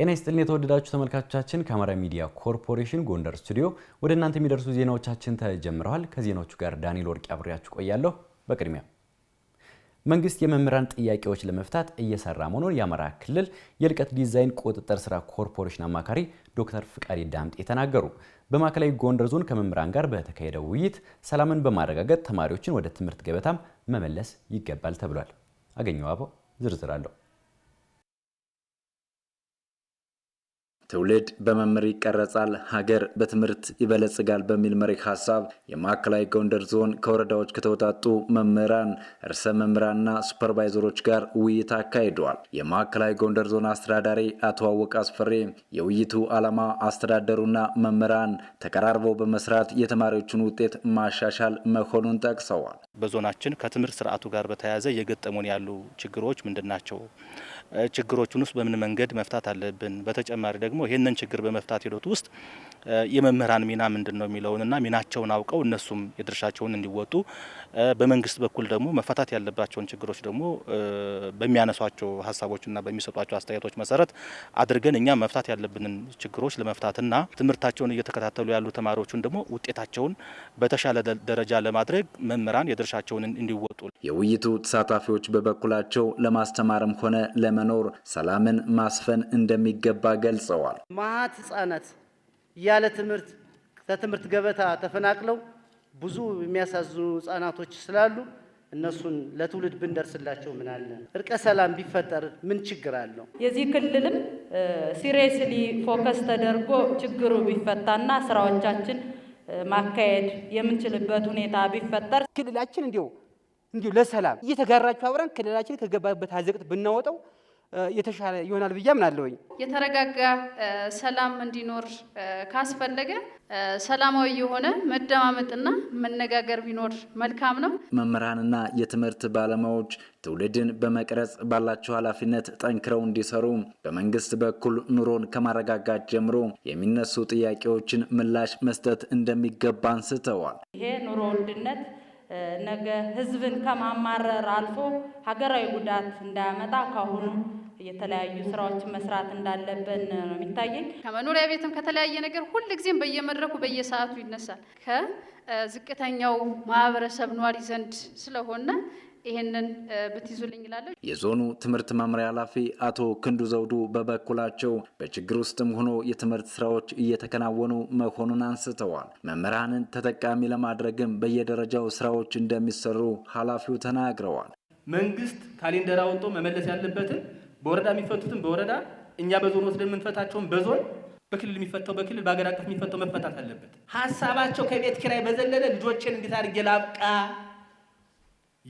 ጤና ይስጥልን የተወደዳችሁ ተመልካቾቻችን፣ ከአማራ ሚዲያ ኮርፖሬሽን ጎንደር ስቱዲዮ ወደ እናንተ የሚደርሱ ዜናዎቻችን ተጀምረዋል። ከዜናዎቹ ጋር ዳንኤል ወርቅ አብሬያችሁ ቆያለሁ። በቅድሚያ መንግስት የመምህራን ጥያቄዎች ለመፍታት እየሰራ መሆኑን የአማራ ክልል የልቀት ዲዛይን ቁጥጥር ስራ ኮርፖሬሽን አማካሪ ዶክተር ፍቃዴ ዳምጤ ተናገሩ። በማዕከላዊ ጎንደር ዞን ከመምህራን ጋር በተካሄደው ውይይት ሰላምን በማረጋገጥ ተማሪዎችን ወደ ትምህርት ገበታም መመለስ ይገባል ተብሏል። አገኘው አበው ዝርዝር አለው። ትውልድ በመምህር ይቀረጻል፣ ሀገር በትምህርት ይበለጽጋል በሚል መሪ ሀሳብ የማዕከላዊ ጎንደር ዞን ከወረዳዎች ከተወጣጡ መምህራን እርሰ መምህራንና ሱፐርቫይዘሮች ጋር ውይይት አካሂደዋል። የማዕከላዊ ጎንደር ዞን አስተዳዳሪ አቶ አወቅ አስፈሬ የውይይቱ ዓላማ አስተዳደሩና መምህራን ተቀራርበው በመስራት የተማሪዎቹን ውጤት ማሻሻል መሆኑን ጠቅሰዋል። በዞናችን ከትምህርት ስርዓቱ ጋር በተያያዘ የገጠሙን ያሉ ችግሮች ምንድን ናቸው? ችግሮቹን ውስጥ በምን መንገድ መፍታት አለብን። በተጨማሪ ደግሞ ይህንን ችግር በመፍታት ሂደቱ ውስጥ የመምህራን ሚና ምንድን ነው የሚለውንና ሚናቸውን አውቀው እነሱም የድርሻቸውን እንዲወጡ በመንግስት በኩል ደግሞ መፈታት ያለባቸውን ችግሮች ደግሞ በሚያነሷቸው ሀሳቦችና በሚሰጧቸው አስተያየቶች መሰረት አድርገን እኛ መፍታት ያለብንን ችግሮች ለመፍታትና ትምህርታቸውን እየተከታተሉ ያሉ ተማሪዎቹን ደግሞ ውጤታቸውን በተሻለ ደረጃ ለማድረግ መምህራን የድርሻቸውን እንዲወጡ የውይይቱ ተሳታፊዎች በበኩላቸው ለማስተማርም ሆነ መኖር ሰላምን ማስፈን እንደሚገባ ገልጸዋል። ማት ህጻናት ያለ ትምህርት ከትምህርት ገበታ ተፈናቅለው ብዙ የሚያሳዝኑ ህጻናቶች ስላሉ እነሱን ለትውልድ ብንደርስላቸው አለ? እርቀ ሰላም ቢፈጠር ምን ችግር አለው? የዚህ ክልልም ሲሪየስሊ ፎከስ ተደርጎ ችግሩ ቢፈታና ስራዎቻችን ማካሄድ የምንችልበት ሁኔታ ቢፈጠር ክልላችን እንዲሁ እንዲሁ ለሰላም እየተጋራችሁ አብረን ክልላችን ከገባበት አዘቅት ብናወጣው የተሻለ ይሆናል ብዬ አምናለሁኝ። የተረጋጋ ሰላም እንዲኖር ካስፈለገ ሰላማዊ የሆነ መደማመጥና መነጋገር ቢኖር መልካም ነው። መምህራንና የትምህርት ባለሙያዎች ትውልድን በመቅረጽ ባላቸው ኃላፊነት ጠንክረው እንዲሰሩ በመንግስት በኩል ኑሮን ከማረጋጋት ጀምሮ የሚነሱ ጥያቄዎችን ምላሽ መስጠት እንደሚገባ አንስተዋል። ይሄ ኑሮ ውድነት ነገ ህዝብን ከማማረር አልፎ ሀገራዊ ጉዳት እንዳያመጣ ካሁኑ የተለያዩ ስራዎችን መስራት እንዳለብን ነው የሚታየኝ። ከመኖሪያ ቤትም ከተለያየ ነገር ሁልጊዜም በየመድረኩ በየሰዓቱ ይነሳል። ከዝቅተኛው ማህበረሰብ ኗሪ ዘንድ ስለሆነ ይህንን ብትይዙልኝ ይላለሁ። የዞኑ ትምህርት መምሪያ ኃላፊ አቶ ክንዱ ዘውዱ በበኩላቸው በችግር ውስጥም ሆኖ የትምህርት ስራዎች እየተከናወኑ መሆኑን አንስተዋል። መምህራንን ተጠቃሚ ለማድረግም በየደረጃው ስራዎች እንደሚሰሩ ኃላፊው ተናግረዋል። መንግስት ካሌንደር አውጥቶ መመለስ ያለበትን በወረዳ የሚፈቱትን በወረዳ እኛ በዞን ወስደን የምንፈታቸውን በዞን በክልል የሚፈተው በክልል በሀገር አቀፍ የሚፈተው መፈታት አለበት። ሀሳባቸው ከቤት ኪራይ በዘለለ ልጆችን እንዴት አድርጌ ላብቃ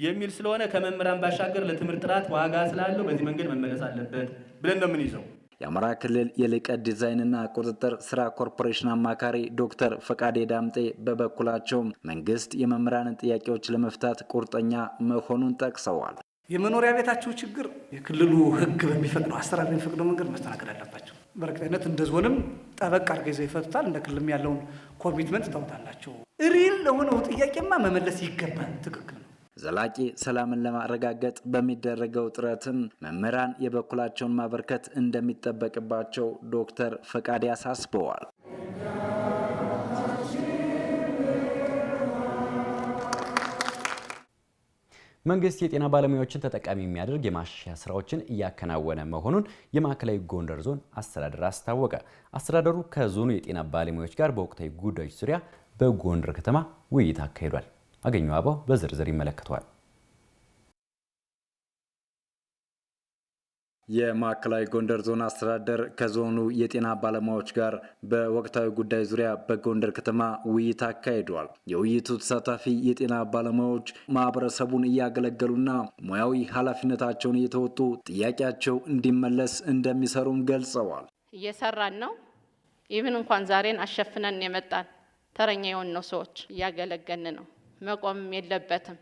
የሚል ስለሆነ ከመምህራን ባሻገር ለትምህርት ጥራት ዋጋ ስላለው በዚህ መንገድ መመለስ አለበት ብለን ነው የምንይዘው። የአማራ ክልል የልቀት ዲዛይንና ቁጥጥር ስራ ኮርፖሬሽን አማካሪ ዶክተር ፈቃዴ ዳምጤ በበኩላቸው መንግስት የመምህራንን ጥያቄዎች ለመፍታት ቁርጠኛ መሆኑን ጠቅሰዋል። የመኖሪያ ቤታቸው ችግር የክልሉ ሕግ በሚፈቅደው አሰራር በሚፈቅደው መንገድ መስተናገድ አለባቸው። በእርግጠኝነት እንደ ዞንም ጠበቅ አድርገው ይዘው ይፈቱታል። እንደ ክልልም ያለውን ኮሚትመንት ታውታላቸው። ሪል ለሆነው ጥያቄማ መመለስ ይገባል። ትክክል ዘላቂ ሰላምን ለማረጋገጥ በሚደረገው ጥረትም መምህራን የበኩላቸውን ማበርከት እንደሚጠበቅባቸው ዶክተር ፈቃዴ አሳስበዋል። መንግስት የጤና ባለሙያዎችን ተጠቃሚ የሚያደርግ የማሻሻያ ስራዎችን እያከናወነ መሆኑን የማዕከላዊ ጎንደር ዞን አስተዳደር አስታወቀ። አስተዳደሩ ከዞኑ የጤና ባለሙያዎች ጋር በወቅታዊ ጉዳዮች ዙሪያ በጎንደር ከተማ ውይይት አካሂዷል። አገኙ አበው በዝርዝር ይመለከተዋል። የማዕከላዊ ጎንደር ዞን አስተዳደር ከዞኑ የጤና ባለሙያዎች ጋር በወቅታዊ ጉዳይ ዙሪያ በጎንደር ከተማ ውይይት አካሂደዋል። የውይይቱ ተሳታፊ የጤና ባለሙያዎች ማህበረሰቡን እያገለገሉና ሙያዊ ኃላፊነታቸውን እየተወጡ ጥያቄያቸው እንዲመለስ እንደሚሰሩም ገልጸዋል። እየሰራን ነው። ይህን እንኳን ዛሬን አሸፍነን የመጣን ተረኛ የሆን ነው ሰዎች እያገለገን ነው መቆም የለበትም።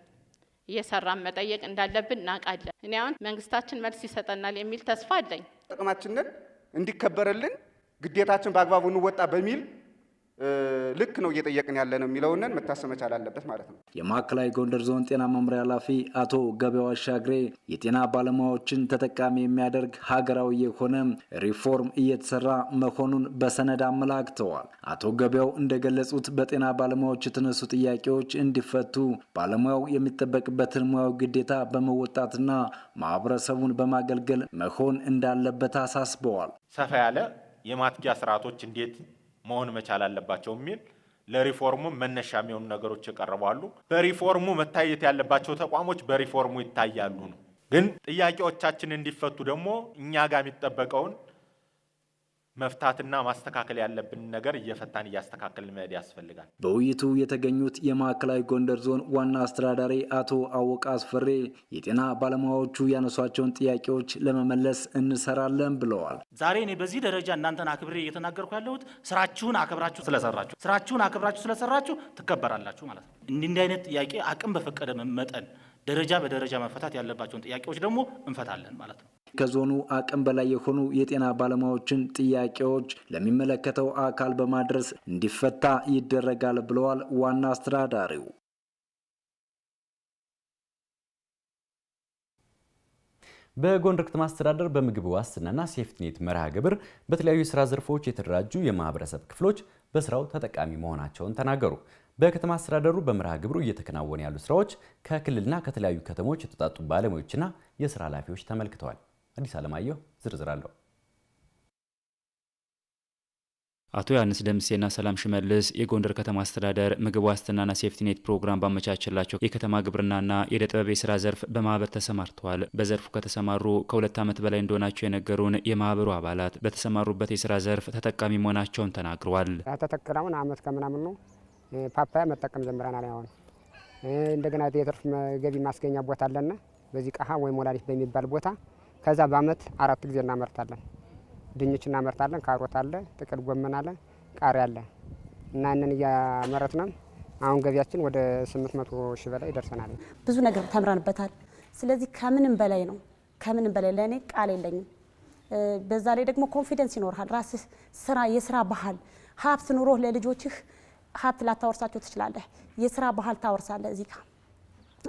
እየሰራን መጠየቅ እንዳለብን እናውቃለን። እኔ አሁን መንግስታችን መልስ ይሰጠናል የሚል ተስፋ አለኝ። ጥቅማችንን እንዲከበርልን ግዴታችን በአግባቡ እንወጣ በሚል ልክ ነው እየጠየቅን ያለ ነው የሚለውንን መታሰብ መቻል አለበት ማለት ነው። የማዕከላዊ ጎንደር ዞን ጤና መምሪያ ኃላፊ አቶ ገበያው አሻግሬ የጤና ባለሙያዎችን ተጠቃሚ የሚያደርግ ሀገራዊ የሆነ ሪፎርም እየተሰራ መሆኑን በሰነድ አመላክተዋል። አቶ ገበያው እንደገለጹት በጤና ባለሙያዎች የተነሱ ጥያቄዎች እንዲፈቱ ባለሙያው የሚጠበቅበትን ሙያዊ ግዴታ በመወጣትና ማህበረሰቡን በማገልገል መሆን እንዳለበት አሳስበዋል። ሰፋ ያለ የማትጊያ ስርዓቶች እንዴት መሆን መቻል አለባቸው የሚል ለሪፎርሙ መነሻ የሚሆኑ ነገሮች ይቀርባሉ። በሪፎርሙ መታየት ያለባቸው ተቋሞች በሪፎርሙ ይታያሉ ነው። ግን ጥያቄዎቻችን እንዲፈቱ ደግሞ እኛ ጋር የሚጠበቀውን መፍታትና ማስተካከል ያለብን ነገር እየፈታን እያስተካከልን መሄድ ያስፈልጋል። በውይይቱ የተገኙት የማዕከላዊ ጎንደር ዞን ዋና አስተዳዳሪ አቶ አወቃ አስፈሬ የጤና ባለሙያዎቹ ያነሷቸውን ጥያቄዎች ለመመለስ እንሰራለን ብለዋል። ዛሬ እኔ በዚህ ደረጃ እናንተን አክብሬ እየተናገርኩ ያለሁት ስራችሁን አክብራችሁ ስለሰራችሁ ስራችሁን አክብራችሁ ስለሰራችሁ ትከበራላችሁ ማለት ነው። እንዲህ አይነት ጥያቄ አቅም በፈቀደ መጠን ደረጃ በደረጃ መፈታት ያለባቸውን ጥያቄዎች ደግሞ እንፈታለን ማለት ነው። ከዞኑ አቅም በላይ የሆኑ የጤና ባለሙያዎችን ጥያቄዎች ለሚመለከተው አካል በማድረስ እንዲፈታ ይደረጋል ብለዋል ዋና አስተዳዳሪው። በጎንደር ከተማ አስተዳደር በምግብ ዋስትናና ሴፍቲኔት መርሃ ግብር በተለያዩ የስራ ዘርፎች የተደራጁ የማህበረሰብ ክፍሎች በስራው ተጠቃሚ መሆናቸውን ተናገሩ። በከተማ አስተዳደሩ በመርሃ ግብሩ እየተከናወኑ ያሉ ስራዎች ከክልልና ከተለያዩ ከተሞች የተውጣጡ ባለሙያዎችና የስራ ኃላፊዎች ተመልክተዋል። አዲስ አለማየሁ ዝርዝር አለው። አቶ ዮሐንስ ደምሴና ሰላም ሽመልስ የጎንደር ከተማ አስተዳደር ምግብ ዋስትናና ሴፍቲኔት ፕሮግራም ባመቻችላቸው የከተማ ግብርናና የዕደ ጥበብ የስራ ዘርፍ በማህበር ተሰማርተዋል። በዘርፉ ከተሰማሩ ከሁለት ዓመት በላይ እንደሆናቸው የነገሩን የማህበሩ አባላት በተሰማሩበት የስራ ዘርፍ ተጠቃሚ መሆናቸውን ተናግረዋል። ተተክለውን አመት ከምናምን ነው ፓፓያ መጠቀም ጀምረናል። አሁን እንደገና የትርፍ ገቢ ማስገኛ ቦታ አለና በዚህ ቀሀ ወይም ወላሊት በሚባል ቦታ ከዛ በአመት አራት ጊዜ እናመርታለን። ድንች እናመርታለን። ካሮት አለ፣ ጥቅል ጎመን አለ፣ ቃሪያ አለ እና እንን እያመረት ነው። አሁን ገቢያችን ወደ 800 ሺህ በላይ ደርሰናል። ብዙ ነገር ተምረንበታል። ስለዚህ ከምንም በላይ ነው ከምንም በላይ ለእኔ ቃል የለኝም። በዛ ላይ ደግሞ ኮንፊደንስ ይኖርሃል። ራስህ ስራ የስራ ባህል ሀብት ኑሮህ ለልጆችህ ሀብት ላታወርሳቸው ትችላለህ። የስራ ባህል ታወርሳለህ እዚህ ጋር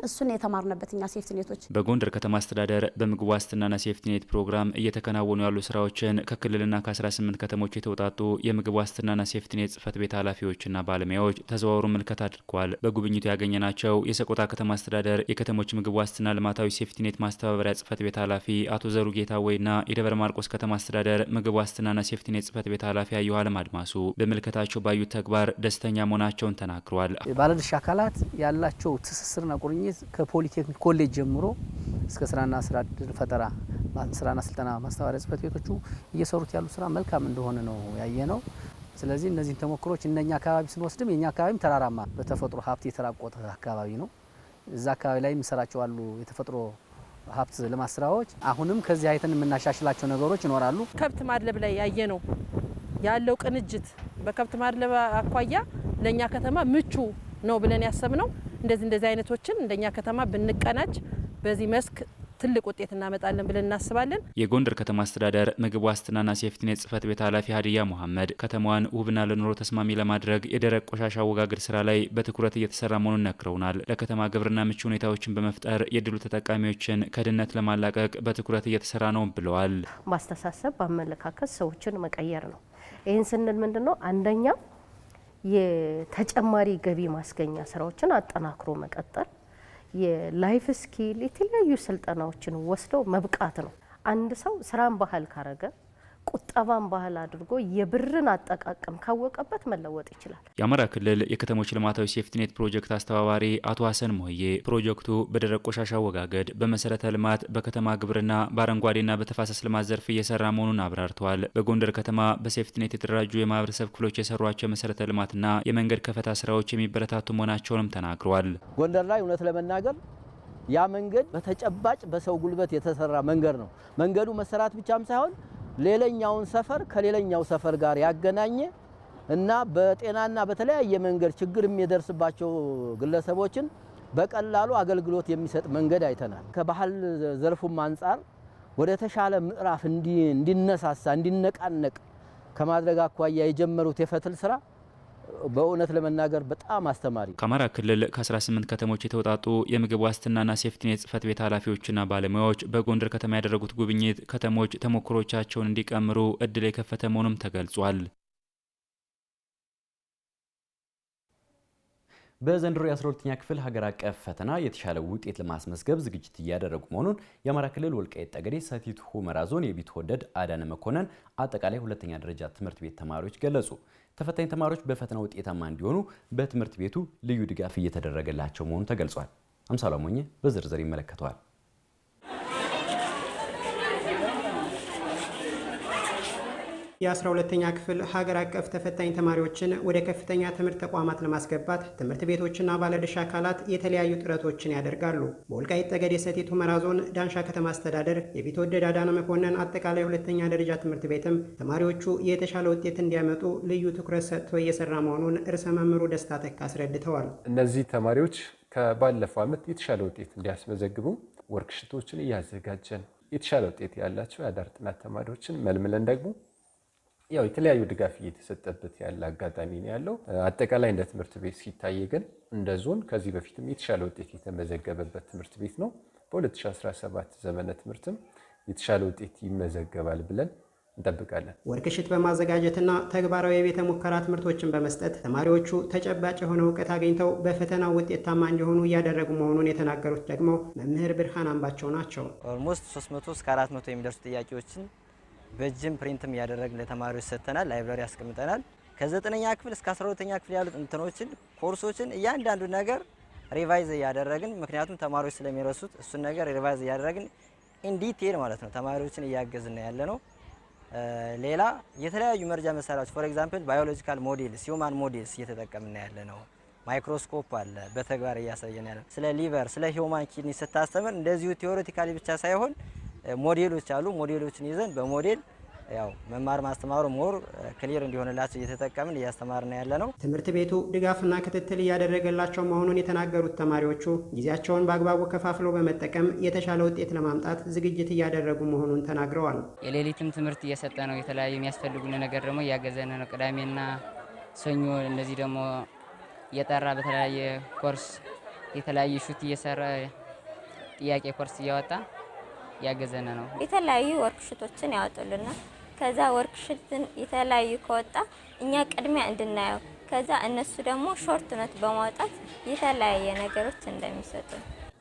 እሱን የተማርነበት እኛ ሴፍትኔቶች። በጎንደር ከተማ አስተዳደር በምግብ ዋስትናና ሴፍትኔት ፕሮግራም እየተከናወኑ ያሉ ስራዎችን ከክልልና ከ18 ከተሞች የተውጣጡ የምግብ ዋስትናና ሴፍትኔት ጽህፈት ቤት ኃላፊዎችና ባለሙያዎች ተዘዋውሩ ምልከት አድርጓል። በጉብኝቱ ያገኘናቸው የሰቆጣ ከተማ አስተዳደር የከተሞች ምግብ ዋስትና ልማታዊ ሴፍትኔት ማስተባበሪያ ጽህፈት ቤት ኃላፊ አቶ ዘሩ ጌታወይና የደብረ ማርቆስ ከተማ አስተዳደር ምግብ ዋስትናና ሴፍትኔት ጽህፈት ቤት ኃላፊ አየሁ አለም አድማሱ በምልከታቸው ባዩት ተግባር ደስተኛ መሆናቸውን ተናግሯል። ባለድርሻ አካላት ያላቸው ትስስርና ቁርኝ ለማግኘት ከፖሊቴክኒክ ኮሌጅ ጀምሮ እስከ ስራና ስራ እድል ፈጠራ ስራና ስልጠና ማስተባበሪያ ጽህፈት ቤቶቹ እየሰሩት ያሉ ስራ መልካም እንደሆነ ነው ያየ ነው። ስለዚህ እነዚህን ተሞክሮች እነኛ አካባቢ ስንወስድም የኛ አካባቢም ተራራማ በተፈጥሮ ሀብት የተራቆተ አካባቢ ነው። እዛ አካባቢ ላይ የምሰራቸው አሉ የተፈጥሮ ሀብት ልማት ስራዎች አሁንም ከዚህ አይተን የምናሻሽላቸው ነገሮች ይኖራሉ። ከብት ማድለብ ላይ ያየ ነው ያለው ቅንጅት በከብት ማድለብ አኳያ ለእኛ ከተማ ምቹ ነው ብለን ያሰብ ነው እንደዚህ እንደዚህ አይነቶችን እንደኛ ከተማ ብንቀናጅ በዚህ መስክ ትልቅ ውጤት እናመጣለን ብለን እናስባለን። የጎንደር ከተማ አስተዳደር ምግብ ዋስትናና ሴፍቲኔት ጽህፈት ቤት ኃላፊ ሀዲያ ሙሐመድ ከተማዋን ውብና ለኑሮ ተስማሚ ለማድረግ የደረቅ ቆሻሻ አወጋገድ ስራ ላይ በትኩረት እየተሰራ መሆኑን ነግረውናል። ለከተማ ግብርና ምቹ ሁኔታዎችን በመፍጠር የድሉ ተጠቃሚዎችን ከድህነት ለማላቀቅ በትኩረት እየተሰራ ነው ብለዋል። ማስተሳሰብ፣ በአመለካከት ሰዎችን መቀየር ነው። ይህን ስንል ምንድን ነው አንደኛ የተጨማሪ ገቢ ማስገኛ ስራዎችን አጠናክሮ መቀጠል፣ የላይፍ ስኪል የተለያዩ ስልጠናዎችን ወስደው መብቃት ነው። አንድ ሰው ስራን ባህል ካረገ ቁጠባን ባህል አድርጎ የብርን አጠቃቀም ካወቀበት መለወጥ ይችላል። የአማራ ክልል የከተሞች ልማታዊ ሴፍትኔት ፕሮጀክት አስተባባሪ አቶ ሀሰን ሞዬ ፕሮጀክቱ በደረቅ ቆሻሻ አወጋገድ፣ በመሰረተ ልማት፣ በከተማ ግብርና፣ በአረንጓዴና በተፋሰስ ልማት ዘርፍ እየሰራ መሆኑን አብራርተዋል። በጎንደር ከተማ በሴፍትኔት የተደራጁ የማህበረሰብ ክፍሎች የሰሯቸው የመሰረተ ልማትና የመንገድ ከፈታ ስራዎች የሚበረታቱ መሆናቸውንም ተናግረዋል። ጎንደር ላይ እውነት ለመናገር ያ መንገድ በተጨባጭ በሰው ጉልበት የተሰራ መንገድ ነው። መንገዱ መሰራት ብቻም ሳይሆን ሌላኛውን ሰፈር ከሌላኛው ሰፈር ጋር ያገናኘ እና በጤናና በተለያየ መንገድ ችግር የሚደርስባቸው ግለሰቦችን በቀላሉ አገልግሎት የሚሰጥ መንገድ አይተናል። ከባህል ዘርፉም አንጻር ወደ ተሻለ ምዕራፍ እንዲነሳሳ እንዲነቃነቅ ከማድረግ አኳያ የጀመሩት የፈትል ስራ በእውነት ለመናገር በጣም አስተማሪ። ከአማራ ክልል ከ18 ከተሞች የተውጣጡ የምግብ ዋስትናና ሴፍቲኔት ጽህፈት ቤት ኃላፊዎችና ባለሙያዎች በጎንደር ከተማ ያደረጉት ጉብኝት ከተሞች ተሞክሮቻቸውን እንዲቀምሩ እድል የከፈተ መሆኑም ተገልጿል። በዘንድሮ የ12ኛ ክፍል ሀገር አቀፍ ፈተና የተሻለ ውጤት ለማስመዝገብ ዝግጅት እያደረጉ መሆኑን የአማራ ክልል ወልቃይት ጠገዴ ሰቲት ሁመራ ዞን ወደድ አዳነ መኮንን አጠቃላይ ሁለተኛ ደረጃ ትምህርት ቤት ተማሪዎች ገለጹ። ተፈታኝ ተማሪዎች በፈተና ውጤታማ እንዲሆኑ በትምህርት ቤቱ ልዩ ድጋፍ እየተደረገላቸው መሆኑ ተገልጿል። አምሳሏ ሞኘ በዝርዝር ይመለከተዋል። የ12ተኛ ክፍል ሀገር አቀፍ ተፈታኝ ተማሪዎችን ወደ ከፍተኛ ትምህርት ተቋማት ለማስገባት ትምህርት ቤቶችና ባለድርሻ አካላት የተለያዩ ጥረቶችን ያደርጋሉ። በወልቃይት ጠገዴ ሰቲት ሁመራ ዞን ዳንሻ ከተማ አስተዳደር የቢትወደድ አዳነ መኮንን አጠቃላይ ሁለተኛ ደረጃ ትምህርት ቤትም ተማሪዎቹ የተሻለ ውጤት እንዲያመጡ ልዩ ትኩረት ሰጥቶ እየሰራ መሆኑን እርሰ መምህሩ ደስታ ተካ አስረድተዋል። እነዚህ ተማሪዎች ከባለፈው ዓመት የተሻለ ውጤት እንዲያስመዘግቡ ወርክሽቶችን እያዘጋጀን የተሻለ ውጤት ያላቸው የአዳር ጥናት ተማሪዎችን መልምለን ደግሞ ያው የተለያዩ ድጋፍ እየተሰጠበት ያለ አጋጣሚ ነው ያለው። አጠቃላይ እንደ ትምህርት ቤት ሲታይ ግን እንደ ዞን ከዚህ በፊትም የተሻለ ውጤት የተመዘገበበት ትምህርት ቤት ነው። በ2017 ዘመነ ትምህርትም የተሻለ ውጤት ይመዘገባል ብለን እንጠብቃለን። ወርክሽት በማዘጋጀትና ተግባራዊ የቤተ ሙከራ ትምህርቶችን በመስጠት ተማሪዎቹ ተጨባጭ የሆነ እውቀት አግኝተው በፈተናው ውጤታማ እንዲሆኑ እያደረጉ መሆኑን የተናገሩት ደግሞ መምህር ብርሃን አምባቸው ናቸው። ኦልሞስት 300 እስከ 400 የሚደርሱ ጥያቄዎችን በእጅም ፕሪንትም እያደረግን ለተማሪዎች ሰጥተናል። ላይብራሪ ያስቀምጠናል። ከዘጠነኛ ክፍል እስከ 12 ኛ ክፍል ያሉት እንትኖችን ኮርሶችን እያንዳንዱ ነገር ሪቫይዝ እያደረግን ምክንያቱም ተማሪዎች ስለሚረሱት እሱን ነገር ሪቫይዝ እያደረግን ኢንዲቴል ማለት ነው ተማሪዎችን እያገዝን ያለ ነው። ሌላ የተለያዩ መረጃ መሳሪያዎች ፎር ኤግዛምፕል ባዮሎጂካል ሞዴልስ ሂውማን ሞዴልስ እየተጠቀምን ያለ ነው። ማይክሮስኮፕ አለ በተግባር እያሳየን ያለ ስለ ሊቨር ስለ ሂውማን ኪድኒ ስታስተምር እንደዚሁ ቴዎሬቲካሊ ብቻ ሳይሆን ሞዴሎች አሉ። ሞዴሎችን ይዘን በሞዴል ያው መማር ማስተማሩ ሞር ክሊር እንዲሆንላቸው እየተጠቀምን እያስተማርና ያለ ነው። ትምህርት ቤቱ ድጋፍና ክትትል እያደረገላቸው መሆኑን የተናገሩት ተማሪዎቹ ጊዜያቸውን በአግባቡ ከፋፍለው በመጠቀም የተሻለ ውጤት ለማምጣት ዝግጅት እያደረጉ መሆኑን ተናግረዋል። የሌሊትም ትምህርት እየሰጠ ነው። የተለያዩ የሚያስፈልጉን ነገር ደግሞ እያገዘን ነው። ቅዳሜና ሰኞ እነዚህ ደግሞ እየጠራ በተለያየ ኮርስ የተለያየ ሹት እየሰራ ጥያቄ ኮርስ እያወጣ ያገዘነ ነው። የተለያዩ ወርክሽቶችን ያወጡልና ከዛ ወርክሽትን የተለያዩ ከወጣ እኛ ቅድሚያ እንድናየው ከዛ እነሱ ደግሞ ሾርት ነት በማውጣት የተለያየ ነገሮች እንደሚሰጡ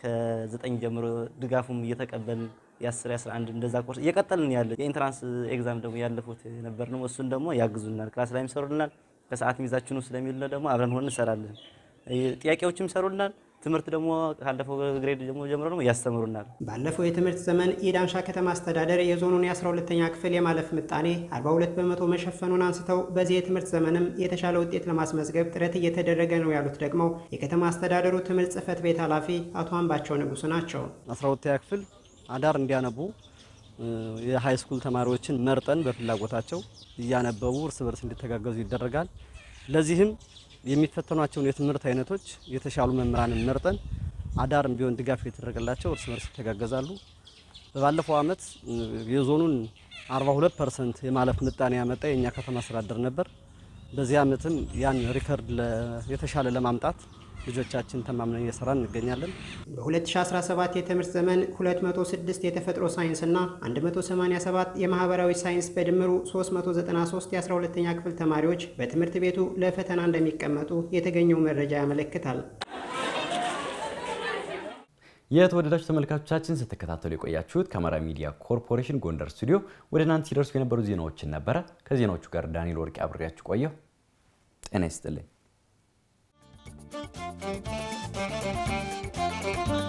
ከዘጠኝ ጀምሮ ድጋፉም እየተቀበልን የአስር የአስራ አንድ እንደዛ ኮርስ እየቀጠልን ያለ የኢንትራንስ ኤግዛም ደግሞ ያለፉት ነበር ነው። እሱን ደግሞ ያግዙናል፣ ክላስ ላይ ይሰሩልናል። ከሰዓት ሚዛችን ስለሚል ደግሞ አብረን ሆን እንሰራለን። ጥያቄዎችም ይሰሩልናል። ትምህርት ደግሞ ካለፈው ግሬድ ደግሞ ጀምሮ ደግሞ ያስተምሩናል። ባለፈው የትምህርት ዘመን የዳንሻ ከተማ አስተዳደር የዞኑን የ 12 ተኛ ክፍል የማለፍ ምጣኔ 42 በመቶ መሸፈኑን አንስተው በዚህ የትምህርት ዘመንም የተሻለ ውጤት ለማስመዝገብ ጥረት እየተደረገ ነው ያሉት ደግሞ የከተማ አስተዳደሩ ትምህርት ጽህፈት ቤት ኃላፊ አቶ አምባቸው ንጉሱ ናቸው። 12ኛ ክፍል አዳር እንዲያነቡ የሃይስኩል ስኩል ተማሪዎችን መርጠን በፍላጎታቸው እያነበቡ እርስ በርስ እንዲተጋገዙ ይደረጋል። ለዚህም የሚፈተኗቸውን የትምህርት አይነቶች የተሻሉ መምህራንን መርጠን አዳርም ቢሆን ድጋፍ የተደረገላቸው እርስ በርስ ይተጋገዛሉ። በባለፈው አመት የዞኑን 42 ፐርሰንት የማለፍ ምጣኔ ያመጣ የእኛ ከተማ አስተዳደር ነበር። በዚህ አመትም ያን ሪከርድ የተሻለ ለማምጣት ልጆቻችን ተማምነን እየሰራን እንገኛለን። በ2017 የትምህርት ዘመን 206 የተፈጥሮ ሳይንስና 187 የማህበራዊ ሳይንስ በድምሩ 393 የ12ኛ ክፍል ተማሪዎች በትምህርት ቤቱ ለፈተና እንደሚቀመጡ የተገኘው መረጃ ያመለክታል። የተወደዳችሁ ተመልካቾቻችን ስትከታተሉ የቆያችሁት ከአማራ ሚዲያ ኮርፖሬሽን ጎንደር ስቱዲዮ ወደ እናንተ ሲደርሱ የነበሩ ዜናዎችን ነበረ። ከዜናዎቹ ጋር ዳንኤል ወርቅ አብሬያችሁ ቆየሁ። ጤና ይስጥልኝ። thank you